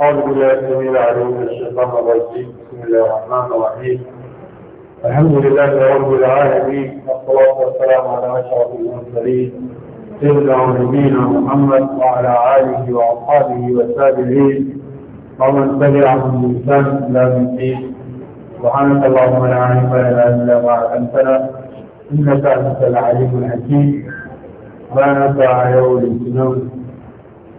أعوذ بالله السميع العليم من الشيطان الرجيم بسم الله الرحمن الرحيم الحمد لله رب العالمين والصلاة والسلام على أشرف المرسلين سيدنا ونبينا محمد وعلى آله وأصحابه والتابعين ومن تبعهم بإحسان إلى يوم الدين سبحانك اللهم لا علم لنا إلا ما علمتنا إنك أنت العليم الحكيم ما نفع يوم الاجتماع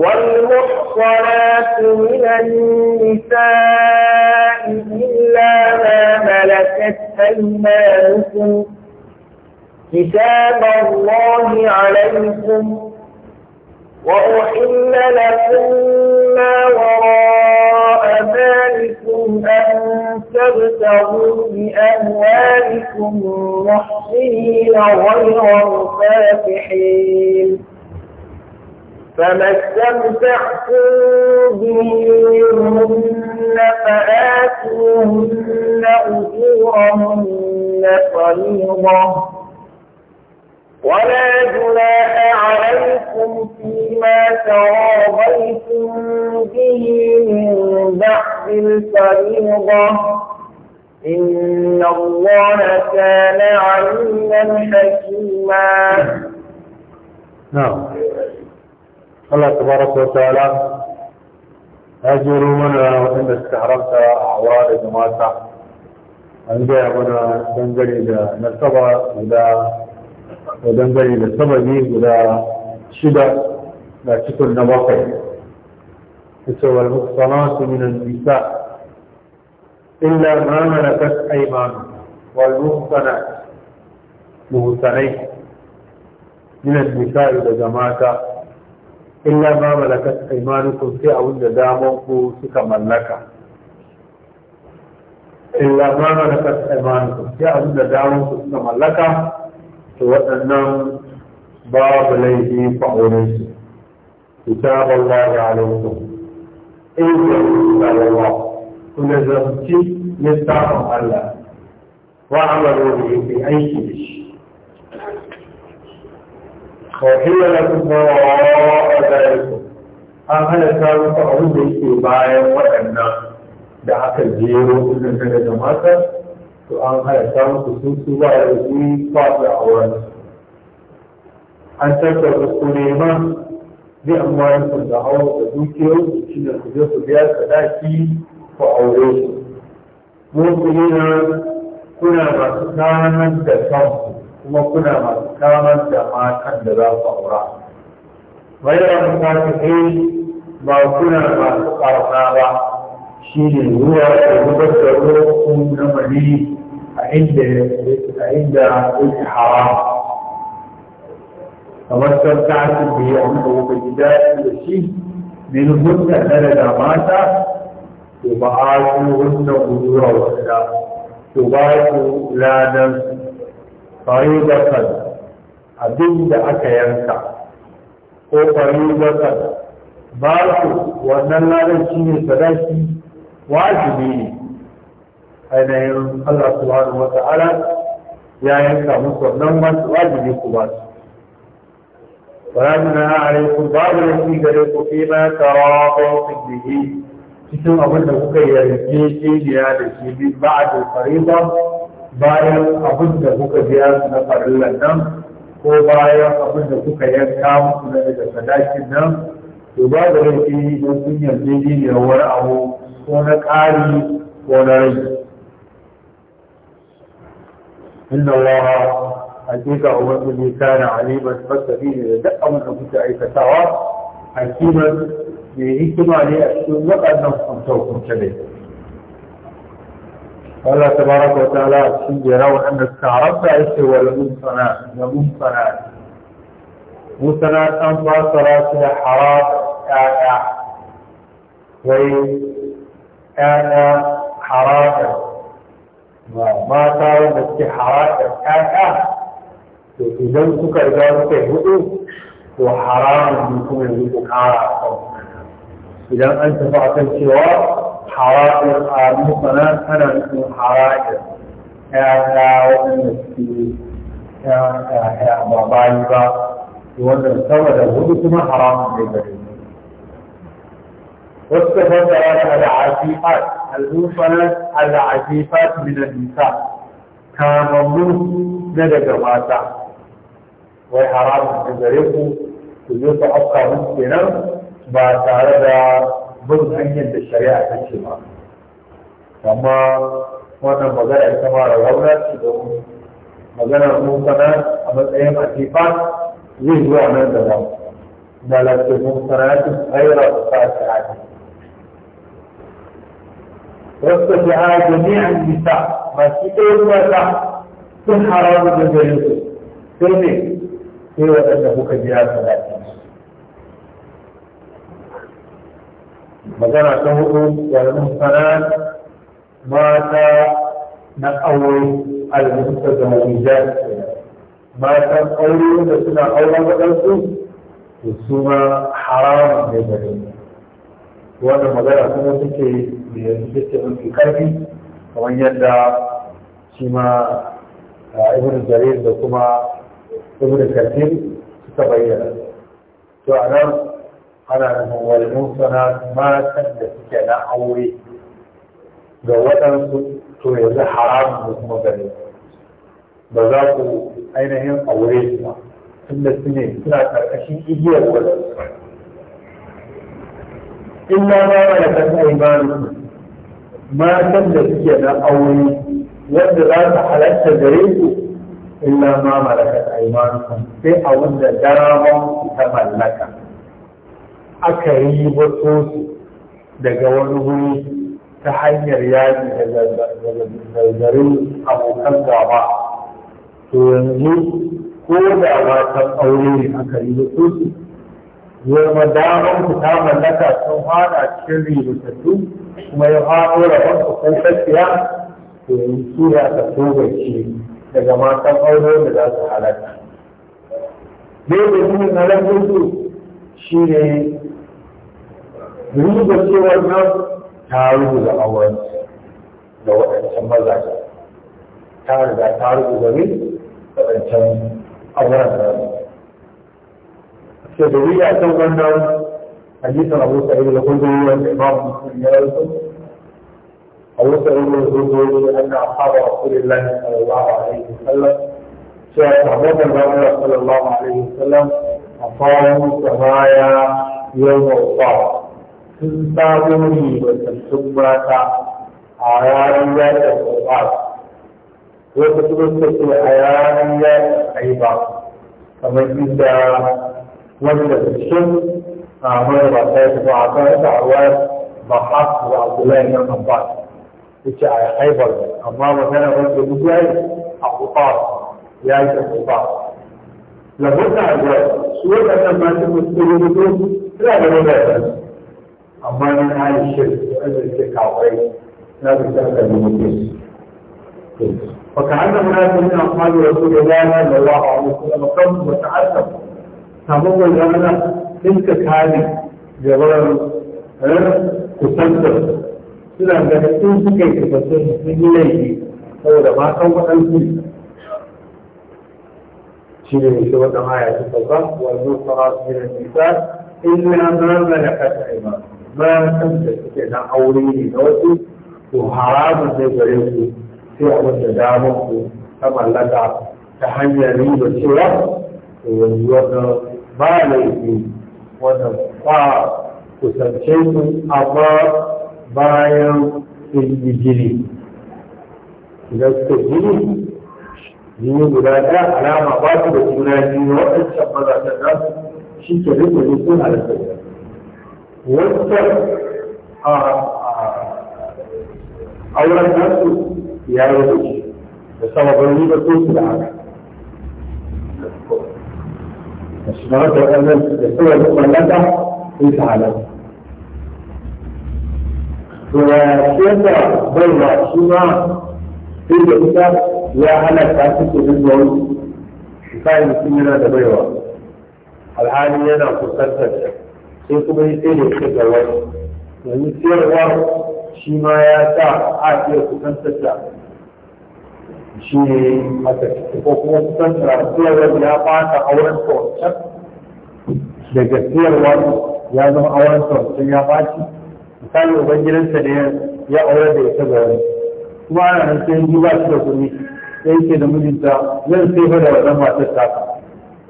والمحصنات من النساء إلا ما ملكت أيمانكم كتاب الله عليكم وأحل لكم ما وراء ذلكم أن تبتغوا بأموالكم محصنين غير مسافحين فما استمتعتم بهن فآتوهن أجورهن فريضة ولا جناح عليكم فيما تراضيتم به من بعد الفريضة إن الله كان عليما حكيما نعم الله تبارك وتعالى أجر منا وإن استحرمت أعوال جماسة أنجي منا دنجري إذا نصبا إلى ودنجري إلى صبجي إلى شدة لا تكون نباقي تسوى المقصنات من النساء إلا ما ملكت أيمان والمقصنات مهتنين من النساء إذا جماسة إلا ما ملكت أيمانكم في أولد دامكم سك ملكا إلا ما ملكت أيمانكم في أولد دامكم سك ملكا وأنهم باب ليه فأوليس كتاب الله عليكم إن كتاب الله كل زمتي يستعمل الله وعملوا به في أي شيء وحل لكم وراء ذلك an halatta muku abin da yake bayan waɗannan da aka jero ɗin daga da mata to an halatta muku sun su ba da su ba a wani an tattara ku nema zai amma sun da hawa da shi da ku je ku biya sadaki ku aure su mu kuna masu sanar da kanku kuma kuna masu kamar da matan da za su aura bayan musafirai ba kuna masu ƙarna ba shi ne ruwa da zubar da ruwan na mali a inda yake haram kamar san ta hakin da ya wanda kuka ji daɗi da shi min hunna na daga mata to ba a yi hunna guduwa wasu da to ba su ladan faridatan abin da aka yanka ko faridatan ba su wannan ladan shi ne sadaki wajibi ne ainihin Allah subhanahu wa ta'ala ya yanka musu wannan ba su wajibi ku ba su ورحمنا عليكم بعض الذي قريب فيما تراضيتم به cikin abin da kuka yarje shi ne ya da shi bi ba a da fariba bayan abin da kuka biya na farillan nan ko bayan abin da kuka yanka musu na daga sadakin nan to ba da rai don kun yarda ne ne wani abu ko na kari ko na rai inna allaha hakika ubangiji kana aliman fasabi da duk abin da kuke aikatawa hakiman mai hikima ne a cikin waɗannan kunta hukunce ne الله تبارك وتعالى يرون أن التعرف أيش هو المنصنات المنصنات منصنات أنبا صلاة حرام آآ وي آآ حرام ما صار بس حرام آآ إذا سك إذا سك هدوء وحرام يكون الهدو حرام إذا أنت بعد شواء hawa'ir a mutane tana nufin hawa'ir ya waɗanda suke ya ba bayi ba wannan saboda hudu kuma haramun ne gare wasu da a da al'afifat al'ufanar al'afifat minan nisa kamammu na daga mata wai haramun da gare ku ku zo afka kenan ba tare da bin hanyar da shari'a ta ce ma amma wannan magana ita ma da rauna ce da mu magana mun sana a matsayin atifa zai zuwa nan da nan da lafiya mun sana ta tsayar da sa ta hadi wasu ta ha jami'an nisa masu ɗaya mata sun haramu da gare su sai ne sai waɗanda kuka biya su lafiya magana ta hudu yanzu sanar mata na aure almusta da mawijar matan aure da suna aure waɗansu to su ma haramun ne gare mu magana kuma suke da yanzu suke mafi karfi kamar yadda shi ma ibn jarir da kuma ibn kathir suka bayyana to a nan ana nufin walmun ma matan da suke na aure ga waɗansu to yanzu haramun da kuma gani ba za ku ainihin aure su ba tunda su ne suna ƙarƙashin igiyar waɗansu illa ma malakar ma matan da suke na aure wanda za su halatta gare su illa ma malakar aimanu sai a wanda dama ta mallaka aka yi wato daga wani wuri ta hanyar yaƙi da zarzarin abokan gaba to yanzu ko da matan aure ne aka yi wato su zama damar ku ta mallaka sun hada cikin ribatattu kuma ya hano da wasu ko tafiya to yanzu su ya ka tobace daga matan aure da za su halatta. Dai da su na lafiya shi ne riba cewar nan ta rubuta auren da waɗancan mazaje ta riga ta rubuta ne waɗancan auren da sai da riya kan wannan hadisan abu sa'id da kudu wanda imam muslim ya rubuta wanda سأقول الزوج أن أصحاب رسول الله صلى الله عليه وسلم شاهد أبو الله صلى الله عليه وسلم أقاموا baya يوم الطاعة sun sabo ne da tattun mata a ranar yaƙin ƙwaƙwar wata kuma suke a ranar yaƙin haiba kamar inda wanda cikin a mara ba ta yi ba a kan taruwar ba abdullahi na a haibar amma magana wanda duk yayi a لابد أن سورة الناس المستجدون لا بد أن أما من هاي الشرك وأن التكاوي لا بد أن وكأن هناك من أصحاب رسول الله صلى الله عليه وسلم قد وتعلم تمول لنا تلك هذه جبل تسلسل سلام لكن كيف تسلسل من إليه هو ما كان أنفسه شيء من سوى ما يتصرف والمنصرات من النساء إلا ما ملكت أيمانكم ما أمسكت أنا أولي نوتي وحرام زي بريكم في أول تدامكم كما لك لي بالسوى وأنا ما ليس وأنا kusance amma bayan sun في jini إذا suka jini guda ɗaya alama ba su da juna biyu na waɗancan mazajen nasu shi ke rike ne sun halatta da wancan auren nasu ya yi da shi da sababin riba ko su da haka da shi na wata waɗannan da sababin mallaka sun su halatta to ya shi yadda bai wa shi ma sai da ita ya halatta su ke zuwa wani misali mutum yana da baiwa alhali yana kusantar sai kuma yi sai da shi ga wani yanzu siyarwa shi ma ya sa a iya kusantar da shi ne aka ko kuma kusantar siyarwa ya fata auren kawancan daga siyarwa ya zama auren kawancan ya baci misali ubangidansa ne ya aure da ita ga wani kuma ana nan sai yi ba shi da kuri da yake da mijinta zan sai fa da wannan matar ta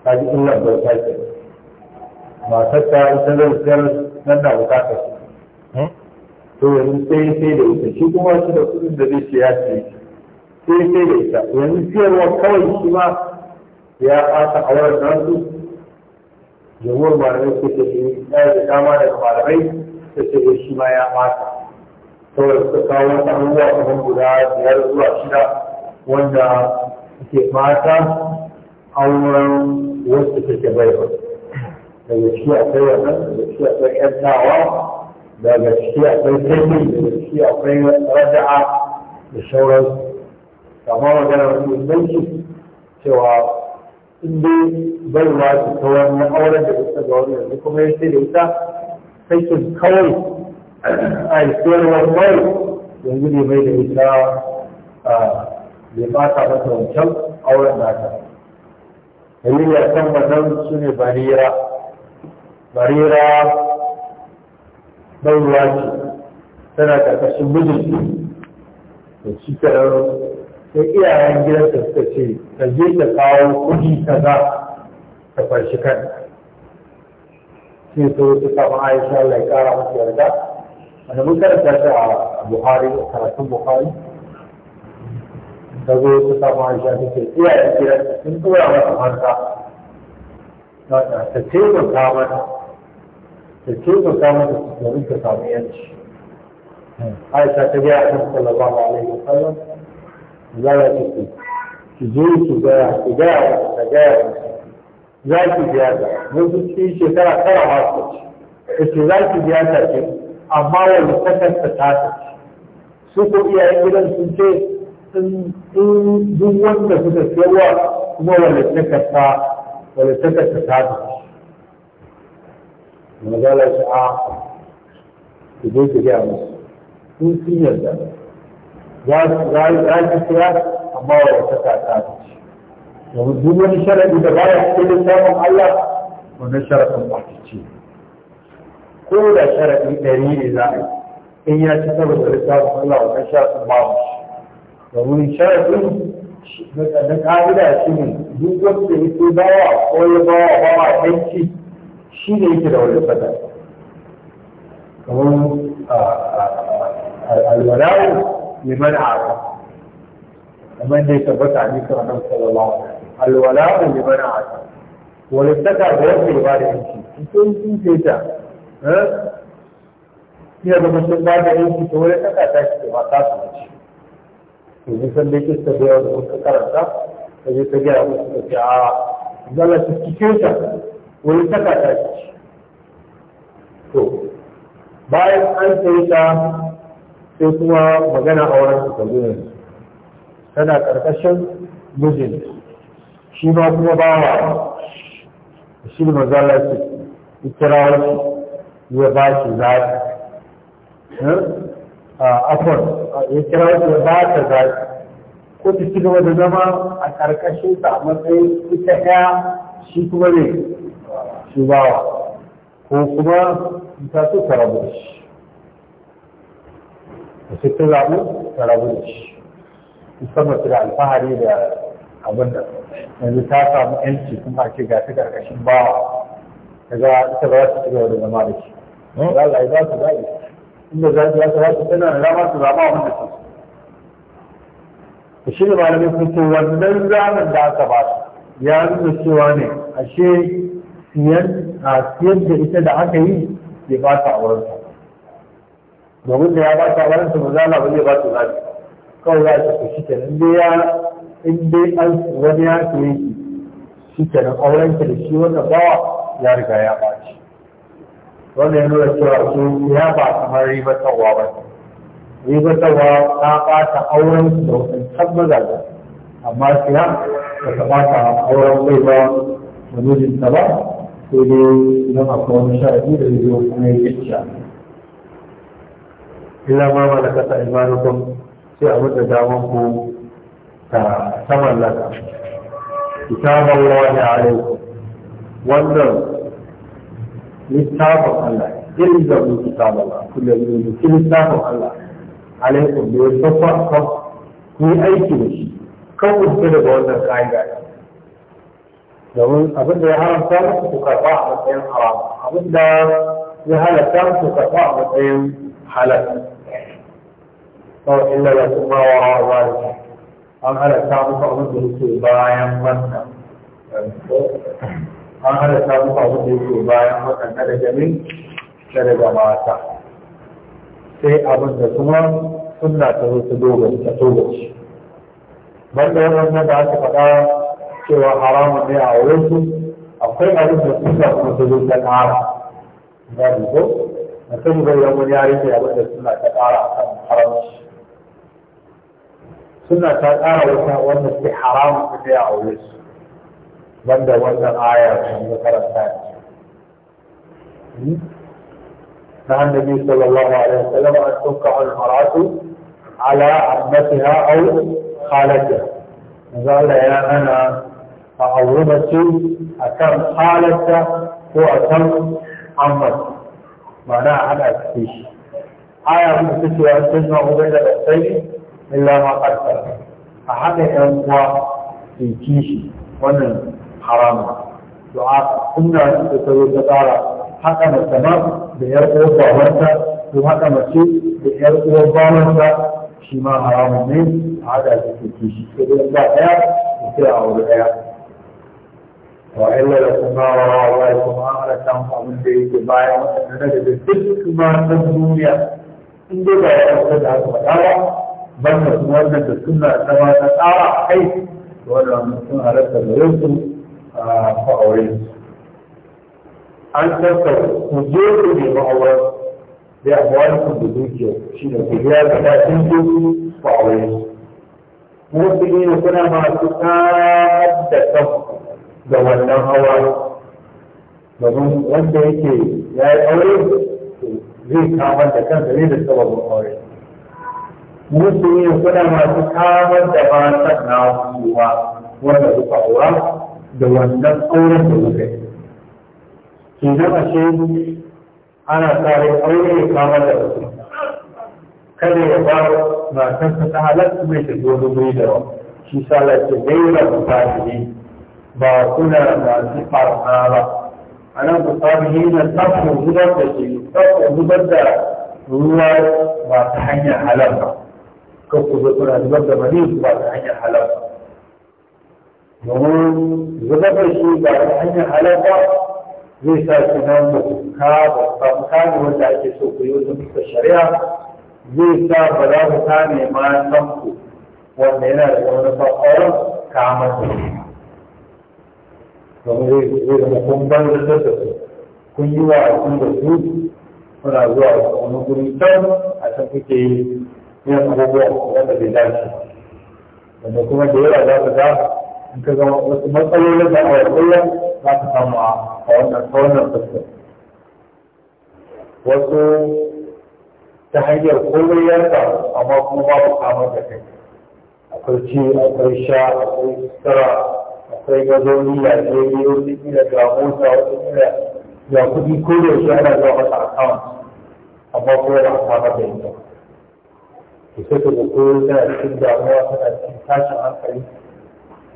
ta ji illar bauta ke matar ta ita zan sayar nan na bukatar hmm? to yanzu sai sai da ita shi kuma shi da kudin da zai ce ya ce sai sai da ita yanzu siyarwa kawai shi ma ya fasa auren su jamhuriyar malamai ta ce eh, ya da dama daga malamai ta ce eh, shi ma ya fasa kawai suka kawo wata abubuwa kamar guda biyar zuwa shida wanda ke fata auren wasu take baiwa daga ciki akwai wannan daga ciki akwai tawa, daga ciki akwai taimi daga ciki akwai raja'a da sauransu kama magana wani inganci cewa in dai baiwa ta wani auren da ita ga wani yanzu kuma ya ce da ita sakin kawai a isiyar wani yanzu ne mai da ita bai fata mata wancan auren nata dalilin kan tabbatar su ne barira barira baiwa ce tana karkashin mijinki da shi sai iyayen gidansa suka ce ka je ka kawo kuɗi kaza ka farshi kan sai so su kama aisha Allah ya kara yarda wanda mun karanta shi a Buhari a karatun Buhari ta zo ta samu aisha ta ce iyayen gidan sun tura masa manta ta taimaka mata ta taimaka mata su ta samu yanci aisha ta gaya kan ba alaihi wasallam za ta ce ki je ki gaya ki gaya ta gaya za ki biya ta mun su ci shekara tara ma su ce za ki biya ta ce amma wani kasar ta ta ce su ko iyayen gidan sun ce sun duk wanda suka siyarwa kuma walittakarsa walittakarsa ta ta magana shi a ah, ku je ku gaya musu sun sun yarda za su za ki kira amma walittaka ta ta domin duk wani sharadi da baya cikin littafin Allah wannan sharadin ba ta ce ko da sharadi ɗari ne za a yi in ya ci saboda littafin Allah wannan sharadin ba mu shi domin sharafin na ƙa'ida shi ne duk wanda yake bawa ko ya bawa bawa ɗanci shi ne yake da wani fata kamar alwalawu ne mana aka kamar da ya tabbata ne kan nan sallallahu alwalawu ne mana aka wani fata da wanda ya ba da ɗanci sun sun ce ta eh, ya zama sun ba da ɗanci ta wani fata ta shi ke ta su shi. to mun san dai kista da yawa da muka karanta ta je ta gaya musu da ce a zala ta cike ta wani saka ta ci to bayan an sai ta sai kuma magana auren su ta zuwa tana karkashin mijin shi ma kuma bawa shi ne mazala ce ikirawa ya ba shi zaɓi hmm? afon ya kira su ba ta zaɓi ko ta ci gaba da zama a ƙarƙashin sa matsayin ita ɗaya shi kuma ne shugawa ko kuma ta so ta rabu da shi da su ta zaɓu ta rabu da shi musamman su da alfahari da abin da yanzu ta samu yanci kuma ce ga ta ƙarƙashin bawa ta ga ita ba za ta ci gaba da zama da shi. Allah ya ba su zaɓi. inda za su yasa su tana da dama su zama wanda su to shi ne malamai sun ce wannan zanen da aka ba su ya nuna cewa ne ashe siyan a siyan da ita da aka yi ya ba ta auren ta domin da ya ba ta auren ta ba za ba zai ba su zabi kawai za a ce shi kenan dai ya in dai an wani ya siye shi shi kenan auren ta da shi wannan bawa ya riga ya ɓaci wanda ya nuna cewa su ya ba kamar ribatarwa ba ribatarwa ta ɓata auren su da wasan can mazaje amma siya ba ta ɓata auren kai ba da mijinta ba sai dai idan akwai wani sha'adi da zai kuma ya kicciya illa ma kasa imanukum sai a da damar ku ta saman mallaka kitabun wani a wannan littafin Allah ilzamu kitaballah kullu yawmin littafin Allah alaikum bi wasfaqa ku aiki da shi kan ku fita daga wannan ka'ida domin abin da ya haramta ku karba a matsayin haram abin da ya halatta ku karba a matsayin halal kawai inda da kuma wa zalika an halatta muku abin da yake bayan wannan an hada muku abin da yake bayan waɗanda daga min da daga mata sai abin da kuma suna ta zo su dogon ta dogon shi banda wannan da aka faɗa cewa haramun ne a wurin su akwai abin da suna kuma ta zo ta ƙara za mu na kan zai yan wani yare ne abin da suna ta ƙara a kan haramci suna ta ƙara wata wanda suke haramun ne a wurin su banda wannan aya da hmm? ya karanta نهى النبي صلى الله عليه وسلم أن تنكح المرأة على عمتها أو خالتها قال يا أنا أعظمتي أكم خالتها وأكم عمتها معناها على أكفيش آية من أن تجمع بين الأختين إلا ما قد سلف أحد الأموات في كيشي wannan حراما دعاء كنا تسويق تعالى حقا التمام بيرقو الضوانتا وحقا مسيح بيرقو الضوانتا شما حرام من هذا الكتيشي كده لا تيا وتيا أو لأيا وإلا لكما وراء الله كما على تنفع من بيت بايا وإننا جبتك كما تنزوليا إن دي بايا أفضل هذا مدارا بل نتمنى أن تكون أتمنى أرى حيث ولو أن تكون أردت أن يرسل ku an tsaka ku je ku nemi aure da abuwan ku da dukiya shi ne ku biya da kafin ku ku aure wasu ne kuna masu da ga wannan hawa domin wanda yake ya yi aure zai kamar da kansa ne da sababin aure musu ne masu kamar da matan na kuma wanda suka da wannan auren da muka yi kenan a ce ana tsarin aure ya kama da wasu kada ya ba matarsa ta halatta mai ta zo wani da wa shi sa lafiya gaira mutane ba kuna masu farna ba a nan mutane na tsafin zubar da ke tsafin zubar da ruwa ba ta hanyar halal ba kan ku zo kuna zubar da mani ba ta hanyar halal ba domin zuba da shi ba ta hanyar halaka zai sa shi nan ba ku kama wanda ake so ku yi wajen fuskar shari'a zai sa ba za ku kame matan ku wanda yana da wani bakwaron kama da domin zai zama kun ban da su kun yi wa a kun da su kuna zuwa wani guri can a can kuke yi yin abubuwa wanda bai dace wanda kuma da yawa za ku ga in ka ga wasu matsalolin da a kullum za ka samu a wannan wannan fuskar wasu ta hanyar komai ya samu amma kuma babu kamar da kai akwai ci akwai sha akwai sutura akwai gazoni ya ce yi wasu kila ga mota wasu kila ga kuɗi ko da yaushe ana zuwa masa akawun amma kuma ba a samar da ita. Ki sai ka ga koyo tana cikin damuwa tana cikin tashin hankali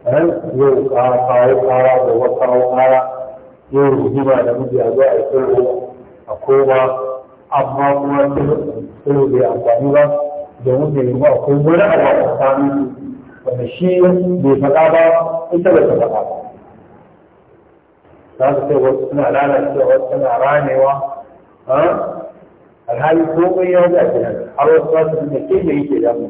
yau kara kawo kara da wasu kawo kara yau rigima da miji a zuwa a a koma amma kuma tsoro bai amfani ba domin bai yi akwai wani abu a tsakanin wanda shi bai faɗa ba ita ba ta faɗa ba za su ce wasu suna lalacewa wasu suna ranewa alhali komai ya wuce a gidan har wasu za su ke da yake damu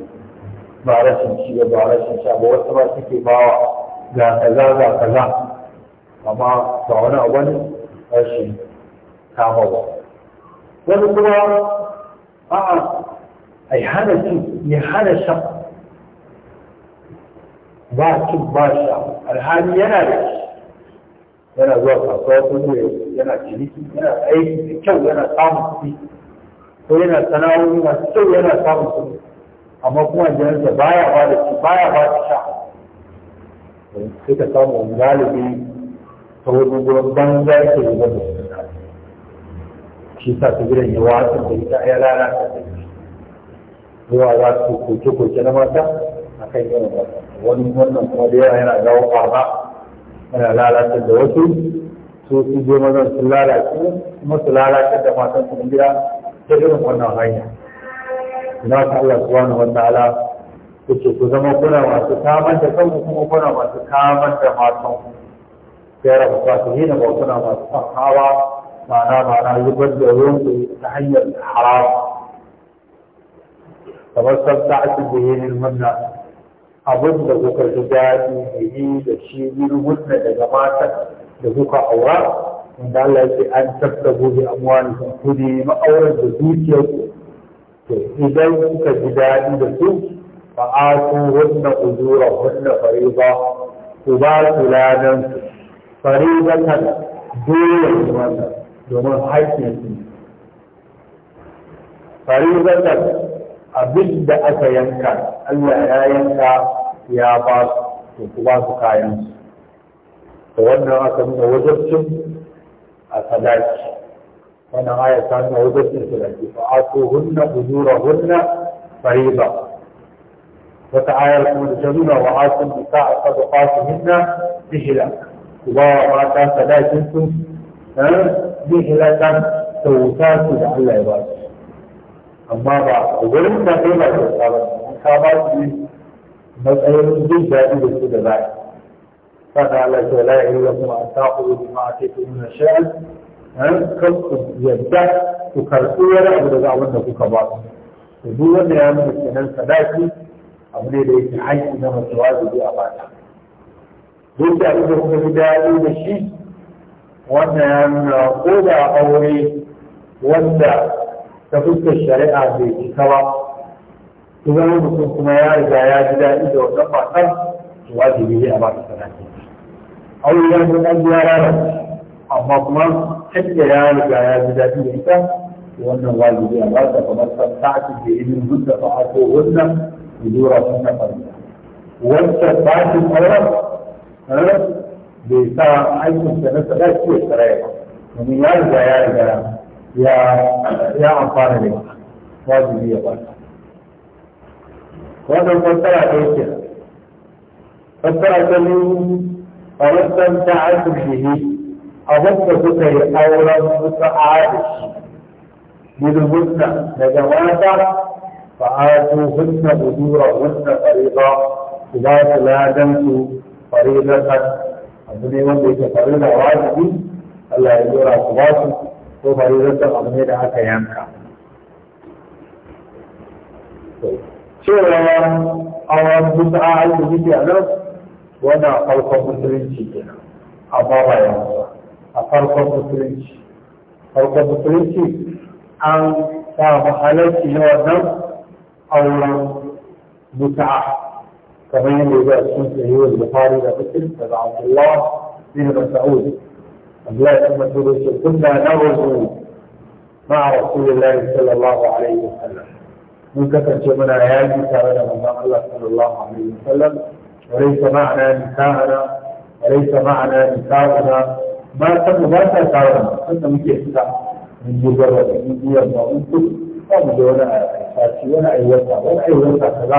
ba rashin ci ba rashin sha ba wasu ba suke bawa ga kaza ga kaza amma ba wani abu ne rashin kama ba wani kuma a'a ai hana cin ya hana shan ba cin ba sha alhali yana da shi yana zuwa kasuwa kuma yana ciniki yana aiki da kyau yana samun kuɗi ko yana sana'o'i masu kyau yana samun kuɗi amma kuma aljanarsa baya ba da shi baya ba da sha sai ka samu galibi ta wani gurin banza ke yi wanda da shi sa su gidan yi wasu da ita ya lalata da shi zuwa za su koke-koke na mata a kan yi mata wani wannan kuma da yawa yana dawo ƙwama yana lalata da wasu su su je mazan su lalace kuma su lalata da matan su gida ta irin wannan hanya da haka Allah subhanahu wa ta'ala yace ku zama kuna masu kamar da kanku kuma kuna masu kamar da matan sai rabu fasihin ba kuna masu fahawa ma'ana ma'ana zubar da ruwanku ta hanyar haram kamar sabta a cikin yanin wannan abin da kuka ji daɗi da yi da shi rubuta daga matan da kuka aura wanda Allah ya ce an tattabo bi amwani kudi ma'aurar da zuciyarku to idan kuka ji daɗi da su fa atu hunna ujura hunna fariba ku ba su ladan su faribatan dole ne wannan domin haƙƙin su faribatan abin da aka yanka Allah ya yanka ya ba su to ku ba su kayan su to wannan aka nuna wajen cin, a sadaki كان آية كان عبادة سلاجة فعاتوهن أجورهن فريضة فتعالى لكم الجنون وعاتوا النساء صدقاتهن بهلا وما كان فلا جنتم بهلا كان سوتاك لعل أما بعد ولم نقيم الرسالة مسألة جديدة جديدة جديدة فتعالى لا يهلكم أن تأخذوا بما أتيتم من الشأن kan ku yadda ku karɓi wani abu daga abin da kuka ba su duk wanda ya nuna kenan sadaki abu ne da yake haƙƙi na mace wajibi a bata duk da abin da kuka ji daɗi da shi wannan ya nuna ko da aure wanda ta fuskar shari'a bai cika ba ku zama mutum kuma ya riga ya ji daɗi da wannan matan wajibi ne a bata sadaki aure ya nuna an amma kuma kaddar ya riga ya ji daɗi da ita wannan wajibi a bata kamar fasa'atu da ilmin hunna fa'ato wannan zura sunna farida wacce batin auren bai sa aikinsa na sadaki ya tsaraya ba domin ya riga ya riga ya amfana da ita wajibi ya bata wannan fassara ɗaya ke fassara ta biyu a wasan ta'atun bihi a wanda suka yi auren suka aishi bilhunna daga mata fa atu hunna ujura hunna fariqa ku ba su ladan su faridatan abu ne wanda yake farida wajibi Allah ya dora su ba su ko faridatan abu ne da aka yanka cewa awon mutu a aiki a nan wannan farkon musulunci kenan amma ba yanzu a farkon musulunci farkon musulunci an samu halarci na wannan auren muta'a kamar yadda ya cikin sahihul bukhari da muslim daga abdullah bin mas'ud abdullah bin mas'ud ya ce kunna nawazu ma'a rasulillahi sallallahu alaihi wasallam mun kasance muna yaji tare da manzon Allah sallallahu alaihi wasallam وليس معنى نكاحنا وليس معنى نكاحنا ba ta mu ba ta tsara wanda muke fita mun yi gaba da duniya ba mun ku ba mu da wani aiwaci wani aiwata wani aiwata kaza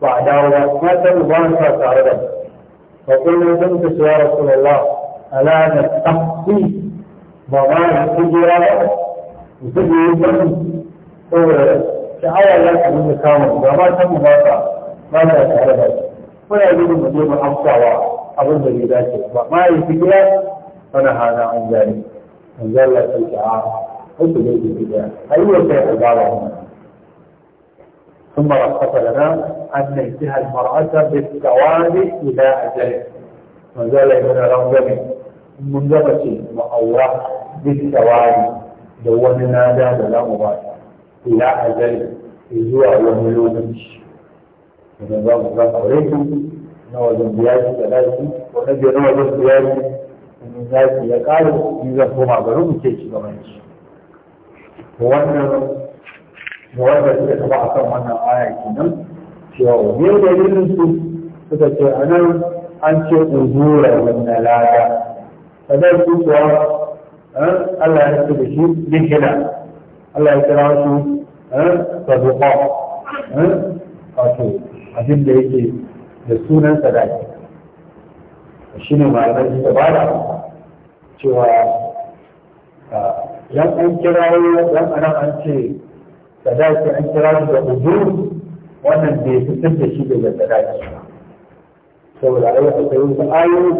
ba a dawo ba ma ta mu ba ta tsara da fa kullum dan ka ya rasulullah ala na tafi ba ma ya kujira ba ku yi wani saboda sha'awa za ta dinga kawo ba ma ta mu ba ta ba ta tsara da kuna gudun mu je mu amsawa abin da bai dace ba ma ya kujira فنهانا عن ذلك لك الشعار قلت بيت البداية أيوة شيء عبارة ثم رخص لنا أن ننتهى المرأة بالتوالي إلى أجله وزال هنا رمزمي مع الله بالتوالي دوننا هذا بلا مباشرة إلى أجله إزوى إذا ونظام الله عليكم نوى ذنبياتي ثلاثة ونجي نوى ذنبياتي in zaki ya ƙare ni zan koma bari mu ke shugabanci wannan da wanda suka taɓa a kan wannan aya kenan cewa ne dalilin su suka ce a nan an ce uzura wannan lada sadar su kuwa eh, Allah ya ce da shi likina Allah ya kira su eh, saduqa eh, wato abin da yake da sunan sadaki shi ne malamai suka ba da cewa yan an kirawo yan anan an ce sadaki an kira shi da ujur wannan bai fitar da shi daga sadaki ba saboda ai akwai wasu ayoyi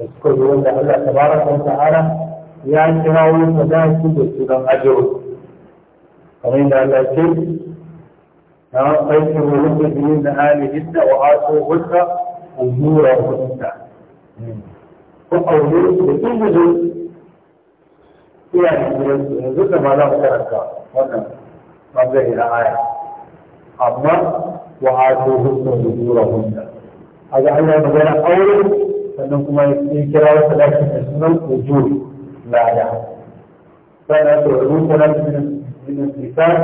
da suka zo wanda Allah tabaraka wa ta'ala ya kirawo sadaki da sunan ajiro kamar yadda Allah ce na fa'ikin rubutun da alihinda wa aso wuta ujura wuta ko aure da ingizo iya da yanzu da ma za mu karanta wannan bangare na aya amma wa ato hukun rubura hunna a ga Allah magana aure sannan kuma ya kira wata dashi da sunan ujur lada sannan da rukunan min al-kitab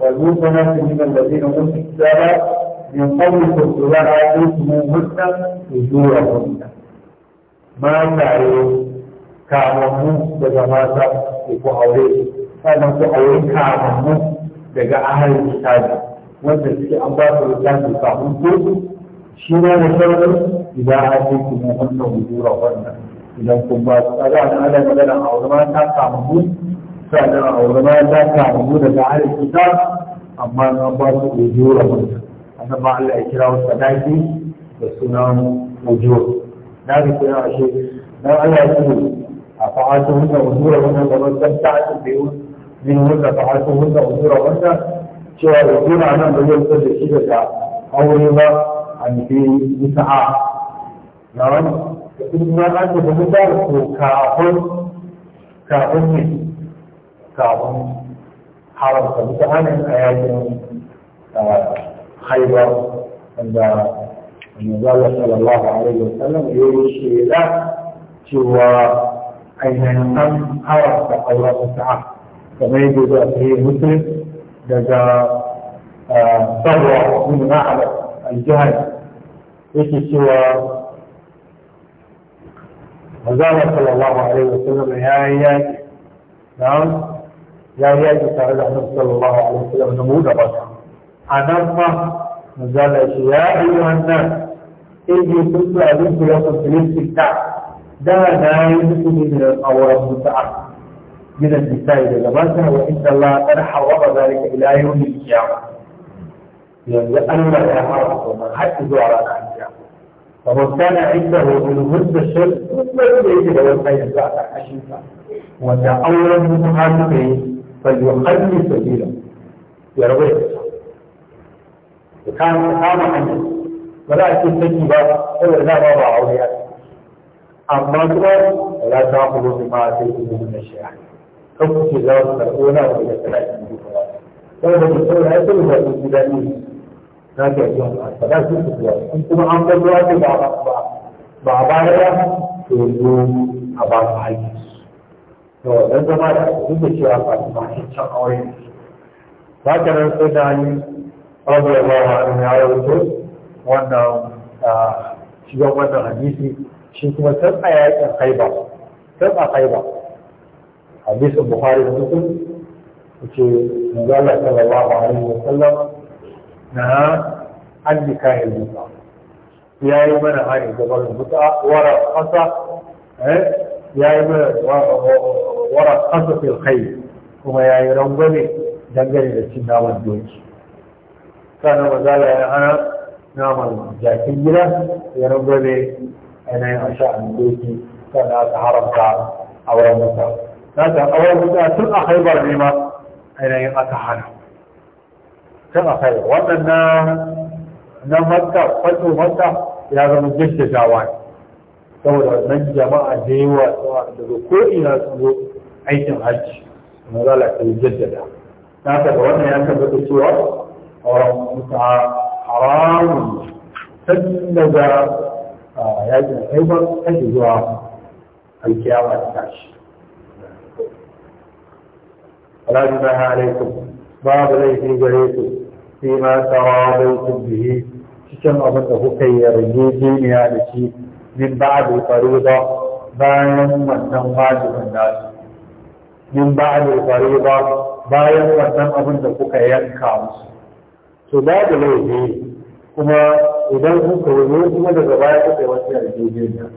wa rukunan min alladhina utul kitaba min qablikum idza ataytumuhunna ujurahunna mataye kamammu daga mata da ku aure sannan ku aure kamammu daga ahalin kitabi wanda suke an ba su littafi kafin ku shi ne da sauran idan an ce ku ne wannan hujura wannan idan kun ba su kaga an ala magana aure mata kamammu sannan aure mata kamammu daga ahalin kitabi amma na ba su hujura wannan annabi Allah ya kira wasu sadaki da sunan hujura na da kira ashe. Don dan Allah ya ce a fa'atu hunna uzura hunna da ban san ta'atu biyu min hunna fa'atu hunna uzura hunna cewa da uzura nan ba zai fitar da shi daga aure ba a nufi nisa'a na wani da kuma na an da mun da ko kafin kafin ne kafin haramta mutane a yakin haibar wanda النبي صلى الله عليه وسلم يوشي إلى سوى أين أن عرف الله تعالى كما يجوز في مسلم لدى ثروة من معنى الجهل يجي سوى وزال صلى الله عليه وسلم يا إياك نعم يا إياك تعالى صلى الله عليه وسلم نموذج أنا ما نزال أشياء أيها الناس يجي إيه تطلع له أبنك يوصل في نفس بتاعك ده ما يمكن من الأورام المتعب من النساء إذا جمعتها وإن الله قد حرم ذلك إلى يوم القيامة لأن يعني أنا لا يحرم ومن حتى زوار عن القيامة فمن كان عنده منهن الشر فلا يجب أن يكون ذاك حشيفا وتأولا متحرمه سبيلا سبيله يرويه وكان قام عن ba za a ce saki ba saboda na ba ba aure ya amma kuma la ta ku zo ma sai ku zo na shi'a kan ku ce za ku karɓo na ku da kana ki ku ba saboda ku saboda ai sai ba ku ji dadi na yi yin ba za su ku in kuma an ga ruwa ba ba a baya ba to zo a ba ku haƙƙi to dan zama da duk da cewa ba ma can aure ba ka nan sai da ni Allah ya ba wa ya rawaito wannan shigar wannan hadisi shi kuma san a yakin haiba san a haiba hadisin buhari da mutum muslim ce manzala sallallahu alaihi wa sallam na an kayan musa ya yi mana hari gaban musa wara kasa eh, ya yi mana wara kasa fil khair kuma ya yi rangwame dangane da cin naman doki sannan manzala ya hana naman jakin gida ya da yanayin a sha'an doki sannan aka haramta auren wuta. na ta auren wuta tun a haibar ne ma yanayin aka hana tun a haibar wannan na na makka fato ya zama jaddadawa ne saboda wannan jama'a da yawa daga ko'ina sun zo aikin hajji mazala ta jaddada na ta ga wannan ya tabbata cewa auren wuta. haramun tun daga yakin haibar ake zuwa shi. alkiyawa da tashi رجبها عليكم باب ليس جريكم da تراضيتم به cikin abin da kuka yi yarjejeniya da shi min ba faru ba bayan wannan wajibin su, min ba faru ba bayan wannan abin da kuka yanka musu to da laifi kuma idan sun yi kuma daga baya ta kai wasu yarjejeniya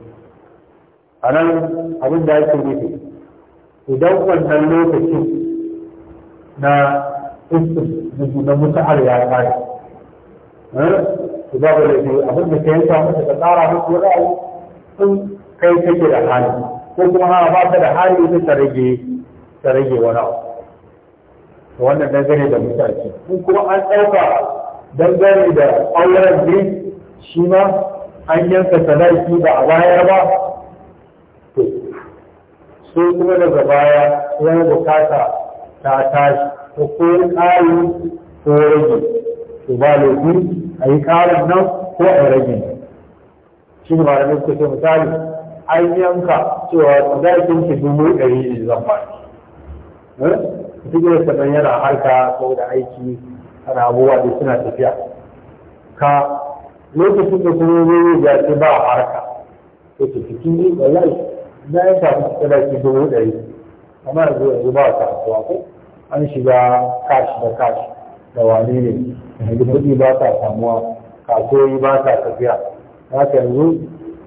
a nan abin da ake nufi idan wannan lokacin na istin na mutu'ar ya kare eh, to babu laifi abin da ka yi samun ka tsara musu wani sun kai kake da hali ko kuma ha ba ta da hali sai ta rage wani abu wannan dangane da mutane in kuma an ɗauka dangane da auren ne shi ma an yanka sadaki ba a baya ba to sai kuma daga baya wani bukata ta tashi ko ko ƙari ko rage to ba laifi a yi ƙarin nan ko a rage shi ne ba da misali an yanka cewa sadakin ki dubu ɗari ne zan ba duk da sannan yana harka ko da aiki ana abubuwa da suna tafiya ka lokacin da kuma zai ga ce ba a harka to ta fiki wallahi na ya samu talaki dubu ɗari amma yanzu yanzu ba kasuwa ko an shiga kashi da kashi da wani ne yanzu kuɗi ba ta samuwa kasuwoyi ba ta tafiya haka yanzu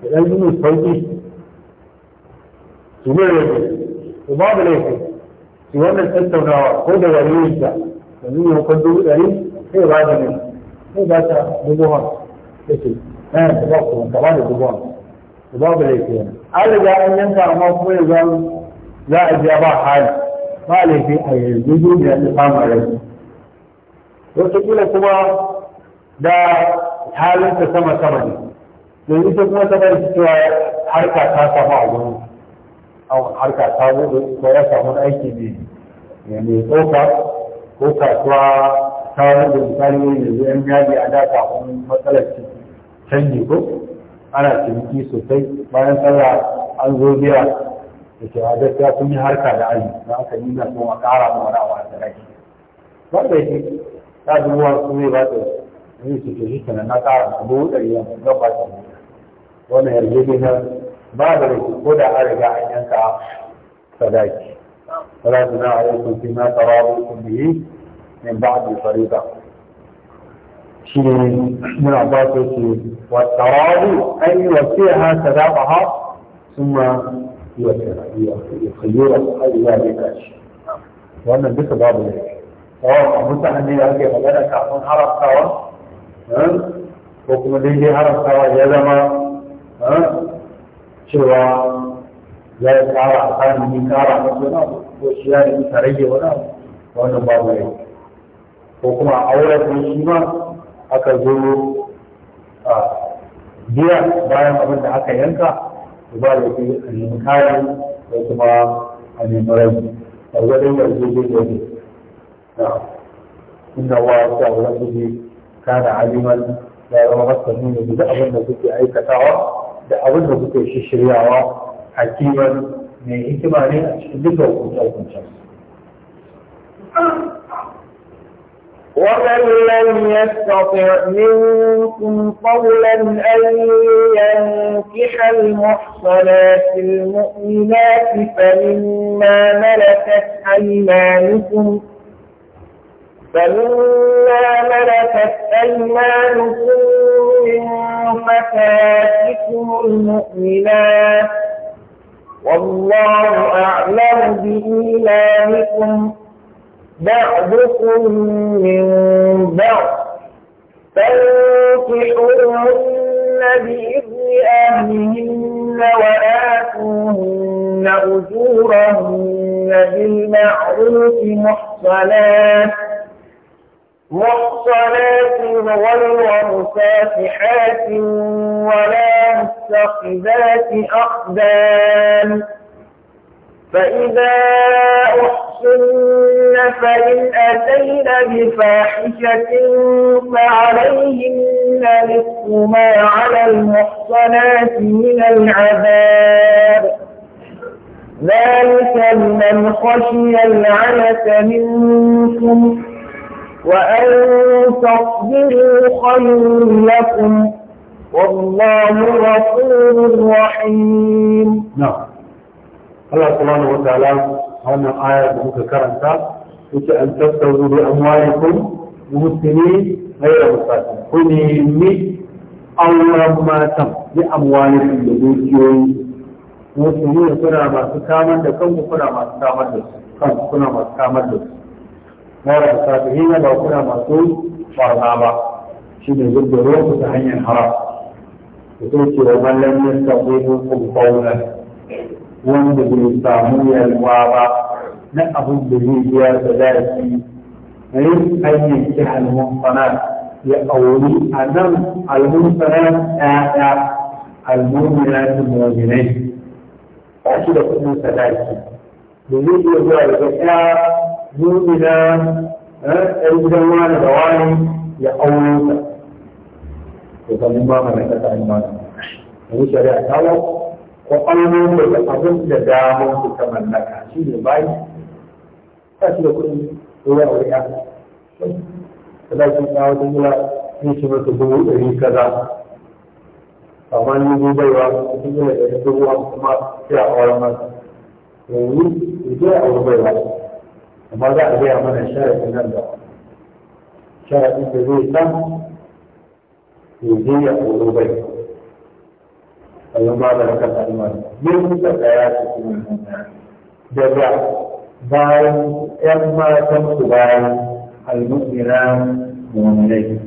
da ɗan yi mai sauƙi su ne yanzu ba da laifin su wannan tattaunawa ko da waliyin da yanzu ya kan dubu ɗari sai ba da ne sai ba ta dubu hamsin yake na yanzu ba ku wanka ba da dubu hamsin babu laifi yana an riga an yanka amma kuma ya zan za a biya ba hali ba laifi a yanzu duniya ta samu rai wataƙila kuma da halin ta sama sama ne domin ita kuma ta bari cewa harka ta sama a gurin harka ta buɗe ko ya samu aiki ne mai tsofa ko kasuwa ta buɗe misali yanzu yan yaji a da kafin matsalar canji ko ana ciniki sosai bayan sallah an zo biya da ke a gaskiya sun yi harka da aji don ka yi na kuma kara ƙara ma wani abu da rage ba yake ta zuwa su ba ta yi su ke shi kenan na ƙara su dubu ɗari yanzu ba ta wannan yarjejeniyar babu rai ko da an riga an yanka sadaki wala tuna alaikum fi ma tarabukum bihi min ba'di fariida shi ibn abbas yake wa tarabu an yuwasiha sadaqaha thumma yuwasiha yukhayyiru al-qalbi ذلك wannan duka babu ne tsawon mutane da ake magana kafin haramtawa ko kuma daidai haramtawa ya zama cewa ya yi kara a kan yi kara a kan wani ko shi ya yi ta rage wani abu wannan babu ne ko kuma a auren ko shi ma aka zo a biya bayan abin da aka yanka to ba da ke a nemi kari ko kuma a nemi rai a da yarjejeniya ne inda wa ta wani kada aliman ya zama nuna da abin da suke aikatawa da abin da kuke shi shiryawa hakiman mai hikima ne a cikin duka hukunce-hukuncen ومن لم يستطع منكم قولا أن ينكح المحصنات المؤمنات فمما ملكت أيمانكم فمما ملكت أيمانكم من المؤمنات والله أعلم بإيمانكم بعضكم من بعض فانكحوهن بإذن أهلهن وآتوهن أجورهن بالمعروف محصنات محصنات غير مسافحات ولا مستخذات أخدان فإذا أحسن فإن أتين بفاحشة فعليهن نصف ما على المحصنات من العذاب ذلك لمن خشي العنة منكم وأن تصبروا خير لكم والله غفور رحيم نعم الله سبحانه وتعالى هنا آية بمذكرة أنت أن تستوي بأموالكم مسلمين غير مساكين كل Allah matan yi amwani da dukiyoyi musulmi da suna masu kamar da kanku kuna masu kamar da su kanku kuna masu kamar da mara musafihina ba kuna masu farna ba shi ne zubda ruwanku ta hanyar haram da sai ce wa mallan ya sabu hukum kaunan wanda bai samu yalwa ba na abin da zai biya da zarafi na yin hanyar ki almunfanat ya auri a nan almunfanat ɗaya almuminatin muminai ba shi da kudin sadaki da zai iya zuwa daga ɗaya mumina eh, ɗan gidan wani da wani ya aure ta to kan ba mana kasa an ba mu shari'a ta wa ko aure ta da abin da damar ku ta mallaka shi ne bai ta shi da kuɗi ko ya aure ya ta da shi ta wata gila ne shi mata dubu ɗari kaza amma ni ne baiwa cikin gila ɗari dubu amma sai a aure masa yanzu ya aure baiwa وما دعا بيع من الشارك النبع شارك انتظير سم يزيع وضوبين فلما ذلك الألمان يوجد الآيات في المنام جبع بارن إما تمت بارن المؤمنان مؤمنين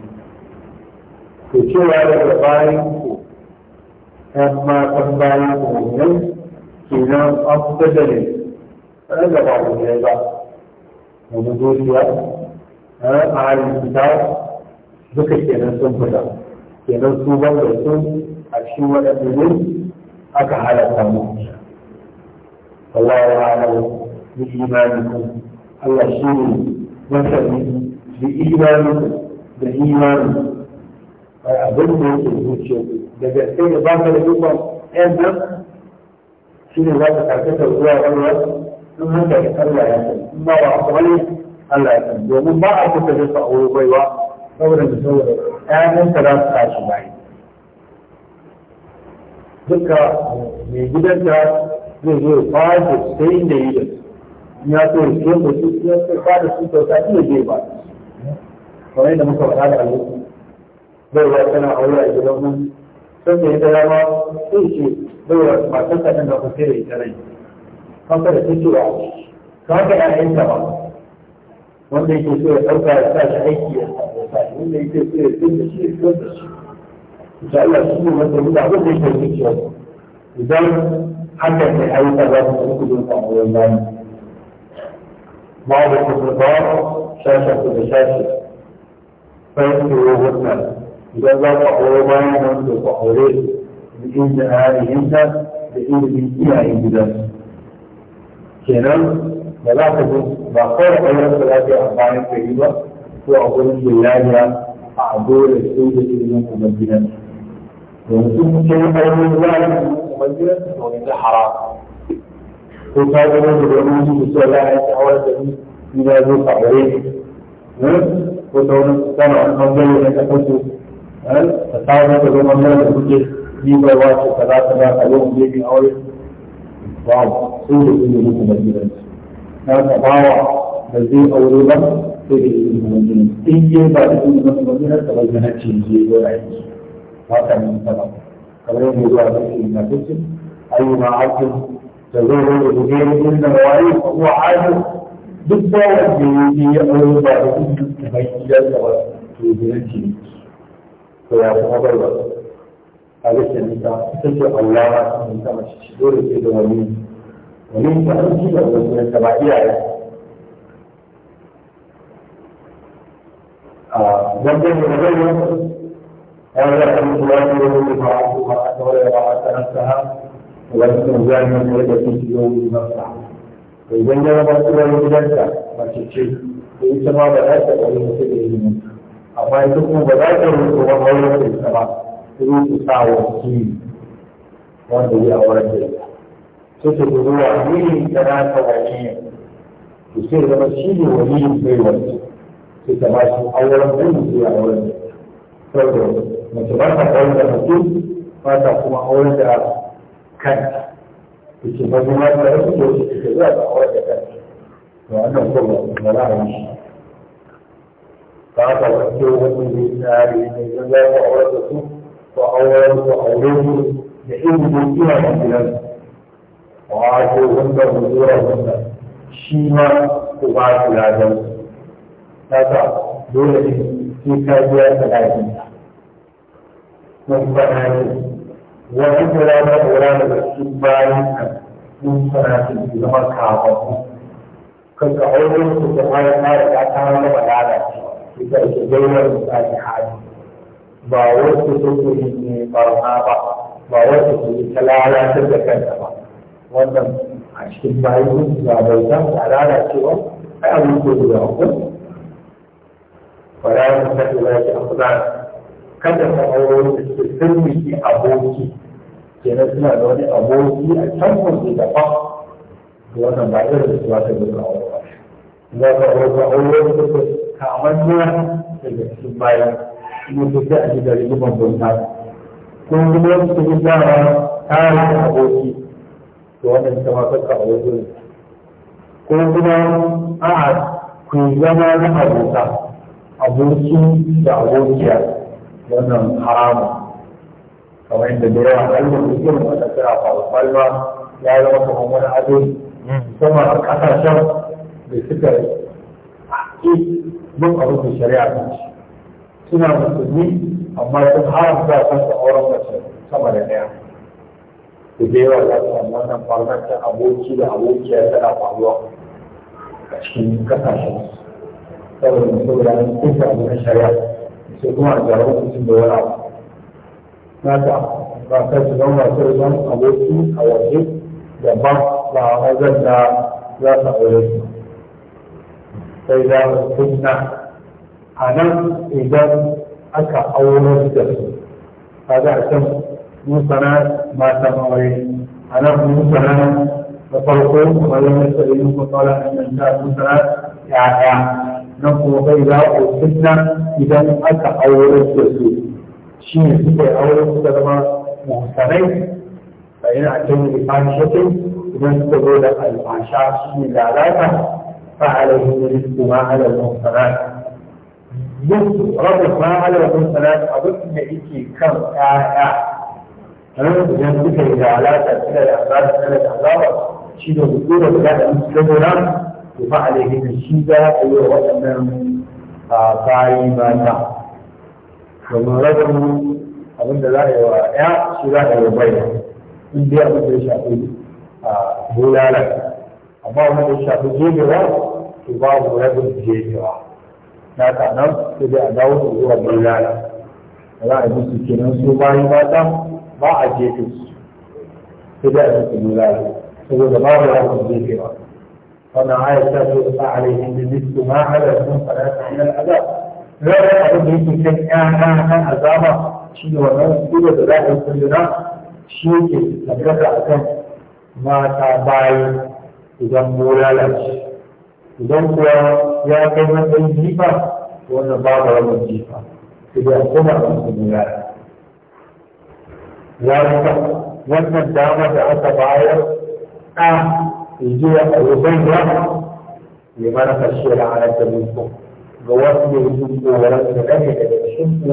في شو هذا البارن إما تمت بارن مؤمنين في نام أفضل فإذا بعض الناس ومدورية مع الانتشار duka kenan sun fita kenan su ban da su a cikin waɗanda ne aka halatta mu Allah ya halatta bi imanikum Allah shi ne masani bi imanikum da imani abin da yake zuciya daga sai da ba ka da dukkan ɗan nan shi ne za ka karkata zuwa wani in mun da Allah ya sani in ba wa su wani Allah ya sani domin ba a kusa da su a wuri baiwa saboda da saboda ƴaƴanta za su tashi bayi duka mai gidan gidanta zai zo kwace sai da yi da su ya so ya ce da su ya so ba da su kyauta iya je ba kamar yadda muka faɗa da alhuku bai ba tana aure a gidan mun sun da ya dama sai ce bai wa matar kaɗan da kusa da ita rai kanka da fitowa kanka da yin ba wanda yake so ya ɗauka ya sa shi aiki ya sa wanda yake so ya tsinda shi ya tsinda shi insha Allah shi ne wanda mutu abin da yake zuciya idan hakan ne ayyuka za su mutu don samu wani bani ma da kusur ba shashen ku da shashe fahimtar rohon nan idan za ku aure bayan nan da ku aure da injin harihinta da ilimin iyayen gidansu كنان ملاحظ باقور قيام ثلاثة أربعين كريمة وأقول بلانيا أعبور السيدة من المدينة ونسوم كريمة من المدينة ومدينة حرام وكان من الرؤوس بسؤال عن تحوال تبيه إلى ذو قبرين وكان من المدينة يتحدث فقال من المدينة يتحدث في بواسطة ثلاثة ثلاثة يوم يجي أولي babu sai da ilimin ubangijinsa na ka bawa da zai aure ba sai da ilimin ubangijinsa in yi ba da ilimin ubangijinsa ba zai ce zai yi aiki ba ta nan sama kamar yadda zuwa da ke na cikin ayyuma hakin da zai rage da zai rage da waye ko hajji duk da wanda ya yi aure ba da ilimin ubangijinsa ba to zai ce ko ya kuma barba halitta nita ta ce Allah ba su nita mace shi dole ce da wani wani ta an ci da wani ta ba iyaye a zangon da zai yi an da kan kuwa da da ba a ba a kawai ba a tsarar ta ha wani sun zuwa ne da yadda sun ciyo yi ba sa to idan ya raba su wani gidanta mace ce da ita ma ba za ta ɗauki mutu da ilimin amma ita kuma ba za ta rubuta ba wani da ita ba sai su sa wakili wanda ya aure da ita sai su dubi wakili da na ta waliyin to sai zama shi ne waliyin bai wani sai ta ba auren bai sai ya aure da ita saboda mace ba ta aure da mutum ba ta kuma aure da kanta yake ba zama da wasu da wasu ke za ta aure da kanta to wannan kuma ba za a yi shi ba ta wani wani tsari ne zan zama aure da su وأولوه بحلم إلى مثلا وآتوهن أجورهن شيما وبعث العدل هذا دولة في كاجية ثلاثين مقتنعين وإن لا تقولان بالسبعين مقتنعين في زمان كعبهم كنت أقول لكم سبحانه وتعالى تعالى وتعالى إذا تزور المساجحات ba wasu suke yi barna ba ba wasu su yi talalatar da kanta ba wannan a cikin bayan ba bai san a cewa ai abin ko da ku ba da mu ta da shi afzan kada ka aure da su sun yi aboki kenan suna da wani aboki a can waje da ba wannan ba irin da su ba ta gudu a wani ba za ka aure ka aure da su kamar daga cikin bayan kuma su sai a ji gari zuban ko kuma wasu su ji dama tarihin aboki to wannan ita ma kakka a wajen ko kuma a'a ku zama na abota aboki da abokiya wannan haramun kamar yadda da yawa ayyukan da irin wata kira falfalwa ya zama kamar wani ado musamman a ƙasashen da suka a bin abin da shari'a ta ce suna musulmi amma sun a kasa auren mace sama da ɗaya ku da yawa za su samu wannan farnar ta aboki da abokiya tana faruwa a cikin kasashen saboda mutum da sun samu na shari'a su kuma a jarar mutum da wani abu naka ba ka su zama masu zan aboki a waje da ba ba a wajen da za su aure su sai da kunna anan idan aka aurar da su kaga a can musana mata aure anan nan musana da farko kamar yadda sai yi kwakwala a nan ta musana ya'ya na kuma bai za a kusurna idan aka aurar da su shi ne suke yi aure suka zama musanai da yana can yi fashakin idan suka zo da alfasha shi ne da lalata fa'alahin rizku ma'alar musanai yin rabu ma alwatun salatu abin da yake kan ƴaƴa idan suka yi da alaƙa suna da azaba suna da azaba shi da hudu da kula da musu lamura to fa alaihi da shi za a yi wa waɗannan bayi mata domin rabin abin da za a yi wa ƴa shi za a yi wa baya in dai abin da ya shafi bulala amma abin da ya shafi jejewa to babu rabin jejewa na ka nan sai dai a dawo zuwa bayyana za a yi musu kenan su bayan mata ba a jefe su sai dai a musu bayyana saboda babu ya kuma jefe ba wannan ayar ta ce a alaihin da nisku ma halar sun fara ta hanyar azab rarrabe abin da yake kan ƴaƴa kan azaba shi ne wannan kuma da za a yi kulluna shi yake tabbata akan mata bayi idan mu lalace idan kuwa ya kai matsayin jifa wannan babu wannan jifa sai da kuma a cikin yara zalika wannan dama da aka bayar a yaje a rubai ya ne mana kashi da alaƙar mutum ga wasu da yi kowaran da gane daga cikin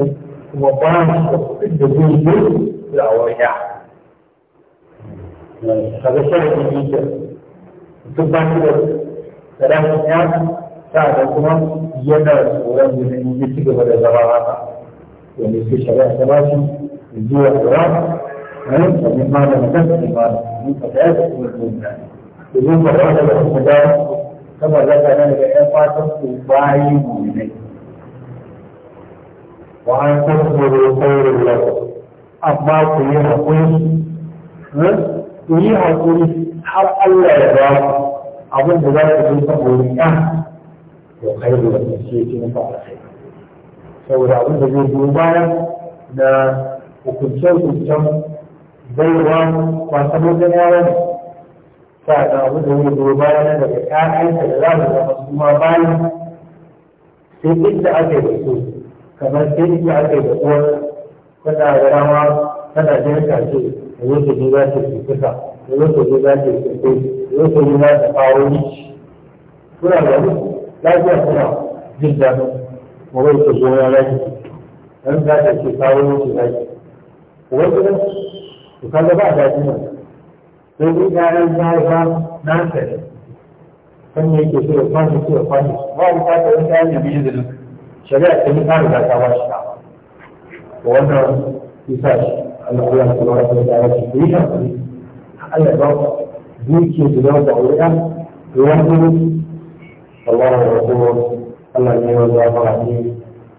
ku kuma ba shi da kuɗin da zai yi da a wani ya kaga shan yi mutum ba shi da salafina sa'ada kuma yana tsoron yin ya ci gaba da zama haka wanda ke shari'a ta ba shi zuwa tsoron ɗan ɗan ma da mutum da ma mun ka da ya kuma zuwa domin ba ba da kuma da kamar da kana daga ƴan fatan ku bayi mu ne wa an tasbiru khairul lakum amma ku yi hakuri ku yi hakuri har Allah ya ba ku abin da za ka zo saboda ɗan, ya kai da shi ya ce a kai, saboda abin da zai zuwa bayan na hukuncen hukuncen baiwa masu mutum yawon da abin da zai zuwa bayan na daga ƴaƴansa da za mu zama su bayan sai inda aka yi da su kamar sai inda aka yi da uwar kuna da rama tana jirka ce da yake ne za ta fi kusa da yake ne za ta fi kusa ya koyi na da ƙaroni suna da lafiya suna jin daɗin mawai ta zo ya lafi dan za ta ce ƙaroni ce lafi wani ɗan su kaga ba daɗi ne sai dai ƙarar ya yi ba na sani kan ne yake so ya kwashe so ya kwashe ba a buƙatar wani kayan yabi izinin shari'a ta yi ƙarar da ta ba shi ta wannan isa shi Allah ya kula da shi da ya ce yi hankali Allah ya ba zuciya su zama da aure ɗan to ya zo Allah ya rasu Allah ne ya zama fara ne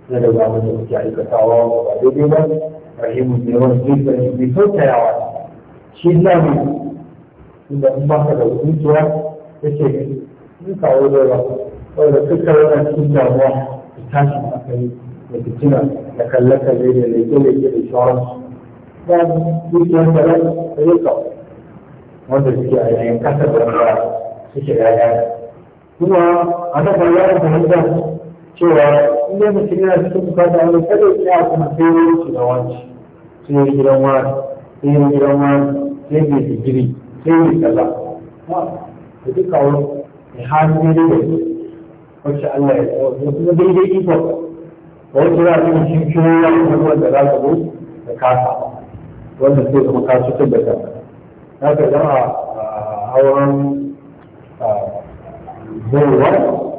na da zama da suke aikatawa ba daidai ba rahimu ne wani zuciya ne mai sautayawa shi islami inda in ba ka da zuciya ya ce in kawo da ba wanda suka yana cikin damuwa da tashin hankali da fitina da kallaka kalle da leke-leke da shawararsu. Ba zuciyar da rai da ya kawo. wanda suke a yayin kasar wanda suke yaya kuma a nan ba ya fahimta cewa in dai mutum yana cikin bukata wani kada ya kuma sai wani shi da wani sai ya gidan wani sai ya gidan wani sai ya digiri sai ya kaza da duka wani ya hannu ne da wacce Allah ya tsawo ya kuma daidai iko ba wacce za a cikin shi kiwo ya kuma wanda za ka zo da kasa wanda sai kuma ka tun da kanka هذا جرى أورا زوجة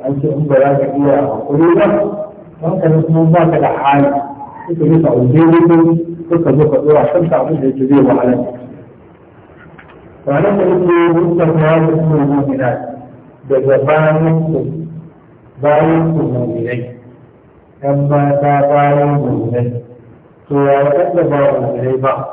أن تكون لا تكيا قريبة وأنت نسمو ما تدعى عالي أنت نسعى وزيبكم تلك الزوجة الأولى شمسة عمد الجديد وعلى وأنا نسمو مستقرار اسمه المؤمنات بزبانكم بانكم مؤمنين أما تابعوا مؤمنين تو أتبعوا مؤمنين بعض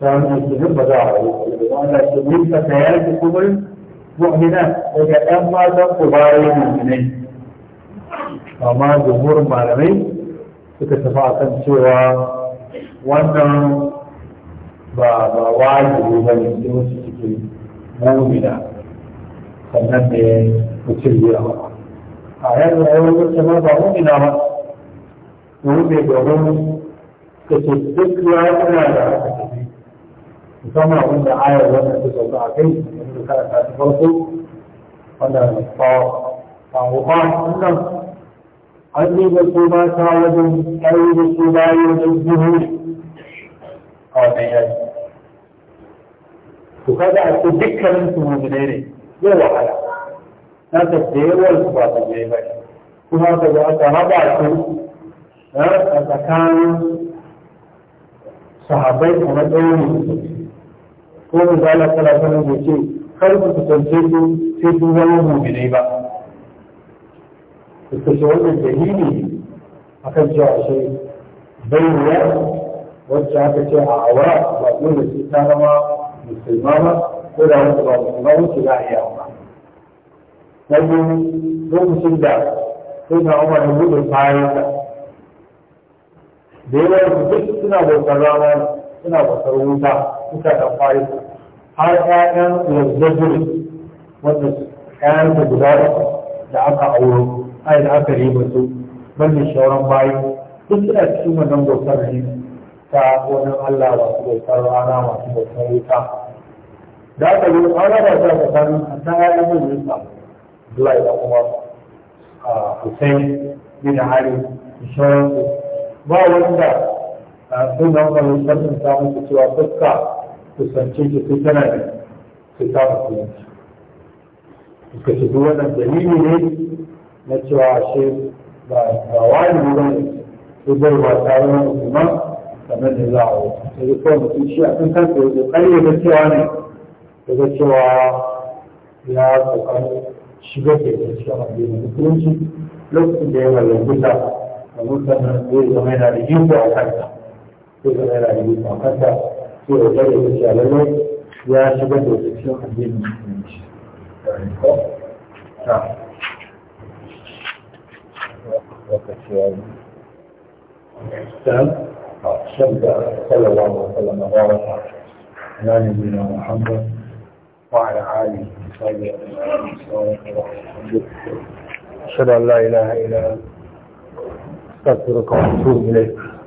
فهم الذنوب ضاعوا وانا سميت فتياتكم المؤمنات وكأن ما تنقضايا المؤمنين amma jumhurin malamai suka tafi a kan cewa wannan ba ba wajibi ba ne sai wasu suke mumina sannan da mutum ya ba a yanzu a yau wacce ma ba ba duk ثم عند آية وردت سوداء كي من ثلاثة فرق ولا طاوقات إلا أني بسوداء شاهد أي بسوداء يجده قال يا وكذا تذكر أنت مجنين يوى حياة لا تذكر والسباط الجيبة كما تذكر رضعك أتكان صحابين ومدعوني ko mu zala sallallahu alaihi da ce kar ku kusance ku sai kun zama mu'minai ba kuka ne wannan dalili akan cewa shi bayyana wacce aka ce a aura ba dole sai ta zama musulma ba ko da wata ba musulma wacce za a yi aura wannan lokacin da sai na umar da buɗe kayan da yawa da duk suna bautar rana suna kwasar wuta suka da fayi har ƴaƴan lazzajiri wanda da guda da aka auro ai da aka riba su banda shauran bayi duk suna cikin wannan bautar ne ta wani Allah wasu bautar rana masu bautar wuta da aka yi an da ta tsakanin a ta ƴaƴan majalisa Abdullahi da kuma Hussein bin Ali da shauransu ba wanda sun da wanda mai samun cewa fuska ki tana da sai ta musulunci suka ce wannan dalili ne na cewa shi ba wani ba ne su zai ba tare sannan da za a wuce sai da kawai mutum shi a kan kansa da cewa ne cewa ya kokari shiga ke da shi a lokacin da ya mallaki ta domin zai zama yana da iko a kanta ko zama yana da nisa kasa ko ya tare da shi a lallai ya shigar da cikin addinin musulunci. lokaci ya yi. Sam, shan da sallallahu alaihi wasallam wa baraka ala nabiyina Muhammad wa ala alihi wa sahbihi ajma'in. أشهد أن لا إله إلا أنت أستغفرك وأتوب إليك